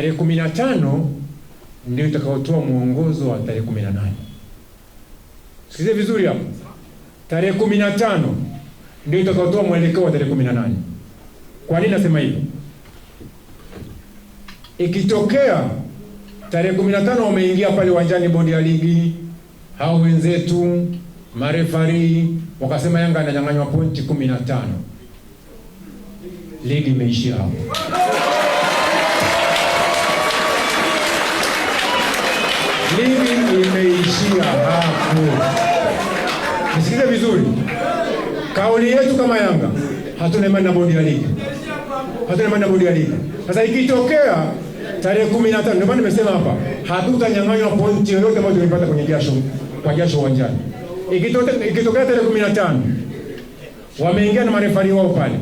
tarehe kumi na tano ndio itakaotoa mwongozo wa tarehe kumi na nane. Sikize vizuri hapo, tarehe kumi na tano ndio itakaotoa mwelekeo wa tarehe kumi na nane. Kwa nini nasema hivyo? Ikitokea tarehe kumi na tano wameingia pale uwanjani, bodi ya ligi hao wenzetu marefari wakasema Yanga ananyang'anywa pointi kumi na tano, ligi imeishia hapo. Kauli yetu kama Yanga, hatuna imani na bodi ya ligi, hatuna imani na bodi ya ligi. Sasa ikitokea tarehe kumi na tano ndio maana nimesema hapa hatutanyang'anywa pointi yoyote ambayo tumepata kwenye jasho kwa jasho uwanjani. Ikitokea tarehe kumi na tano wameingia na marefari wao pale,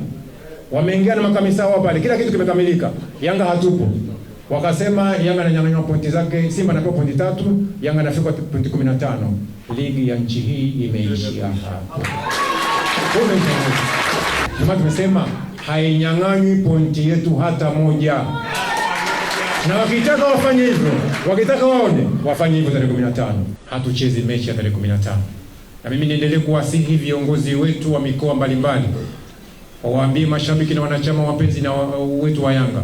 wameingia na makamisa wao pale, kila kitu kimekamilika, Yanga hatupo wakasema Yanga ananyang'anywa pointi zake, Simba anapewa pointi tatu, Yanga anafika pointi kumi na tano. Ligi ya nchi hii imeishia hapo. Kama tumesema hainyang'anywi pointi yetu hata moja, na wakitaka wafanye hivyo, wakitaka waone wafanye hivyo tarehe 15. Hatuchezi mechi ya tarehe 15, na mimi niendelee kuwasihi viongozi wetu wa mikoa mbalimbali wawaambie mashabiki na wanachama wapenzi na wetu wa Yanga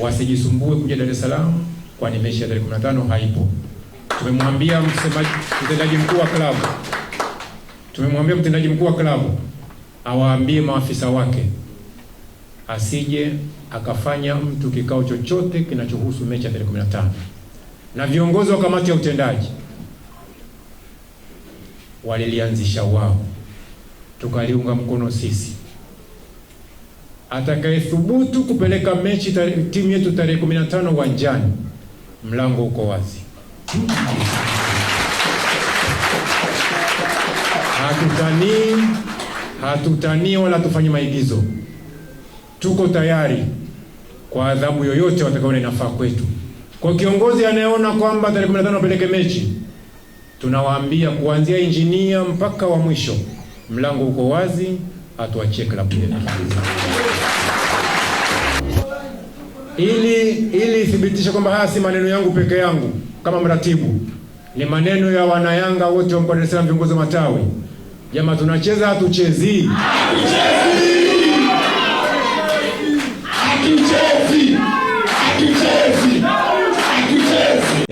wasijisumbue kuja Dar es Salaam, kwani mechi ya tarehe 15 haipo. Tumemwambia msemaji mtendaji mkuu wa klabu Tumemwambia mtendaji mkuu wa klabu awaambie maafisa wake asije akafanya mtu kikao chochote kinachohusu mechi ya tarehe 15 na viongozi wa kamati ya utendaji walilianzisha wao, tukaliunga mkono sisi. Atakayethubutu kupeleka mechi timu yetu tarehe 15 uwanjani, mlango uko wazi. hatutanii, hatutanii wala tufanye maigizo. Tuko tayari kwa adhabu yoyote watakaona inafaa kwetu. Kwa kiongozi anayeona kwamba tarehe 15 apeleke mechi, tunawaambia kuanzia injinia mpaka wa mwisho, mlango uko wazi, atuachie klabu yetu ili ili ithibitishe kwamba haya si maneno yangu peke yangu kama mratibu, ni maneno ya wanayanga wote wa mkoa wa Dar es Salaam, viongozi matawi Jamaa tunacheza hatuchezi.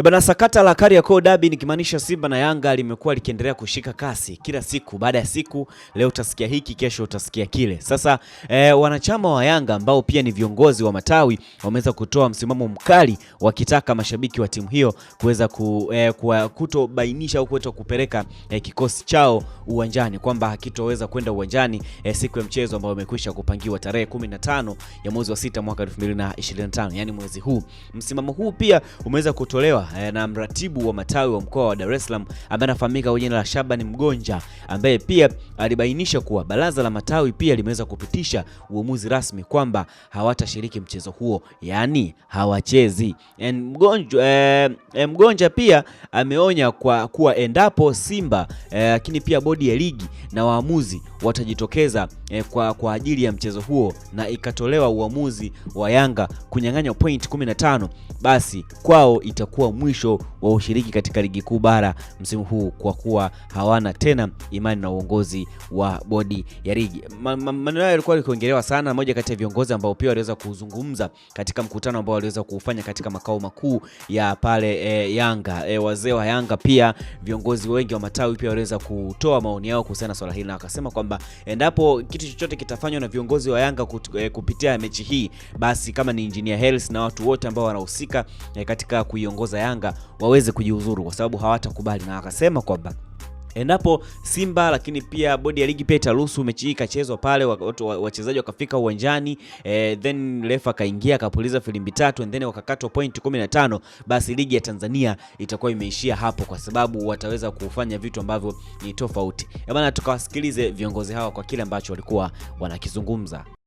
Bana, sakata la Kariakoo Derby nikimaanisha Simba na Yanga limekuwa likiendelea kushika kasi kila siku baada ya siku. Leo utasikia hiki, kesho utasikia kile. Sasa eh, wanachama wa Yanga ambao pia ni viongozi wa matawi wameweza kutoa msimamo mkali wakitaka mashabiki wa timu hiyo kuweza ku, eh, kutobainisha au kuweza kupeleka eh, kikosi chao uwanjani kwamba hakitoweza kwenda uwanjani e, siku ya mchezo ambayo umekwisha kupangiwa tarehe 15 ya mwezi wa sita mwaka 2025, yani mwezi huu. Msimamo huu pia umeweza kutolewa e, na mratibu wa matawi wa mkoa wa Dar es Salaam ambaye anafahamika kwa jina la Shabani Mgonja ambaye pia alibainisha kuwa baraza la matawi pia limeweza kupitisha uamuzi rasmi kwamba hawatashiriki mchezo huo, yani hawachezi. Eh, Mgonja, e, Mgonja pia ameonya kwa kuwa endapo Simba lakini pia bodi bodi ya ligi na waamuzi watajitokeza eh, kwa, kwa ajili ya mchezo huo na ikatolewa uamuzi wa Yanga kunyang'anywa point 15, basi kwao itakuwa mwisho wa ushiriki katika ligi kuu bara msimu huu kwa kuwa hawana tena imani na uongozi wa bodi ya ligi. Maneno hayo yalikuwa yakiongelewa sana, moja kati ya viongozi ambao pia waliweza kuzungumza katika mkutano ambao waliweza kuufanya katika makao makuu ya pale e, Yanga e, wazee wa Yanga pia viongozi wengi wa matawi pia waliweza kutoa maoni yao kuhusiana na swala hili na wakasema kwamba kwamba endapo kitu chochote kitafanywa na viongozi wa Yanga eh, kupitia mechi hii, basi kama ni Engineer Hersi na watu wote ambao wanahusika eh, katika kuiongoza Yanga waweze kujihudhuru, kwa sababu hawatakubali na wakasema kwamba endapo Simba lakini pia bodi ya ligi pia itaruhusu mechi hii ikachezwa pale, wachezaji wakafika uwanjani e, then refa akaingia akapuliza filimbi tatu and then wakakatwa point 15, basi ligi ya Tanzania itakuwa imeishia hapo, kwa sababu wataweza kufanya vitu ambavyo ni tofauti. Eh, bana, tukawasikilize viongozi hawa kwa kile ambacho walikuwa wanakizungumza.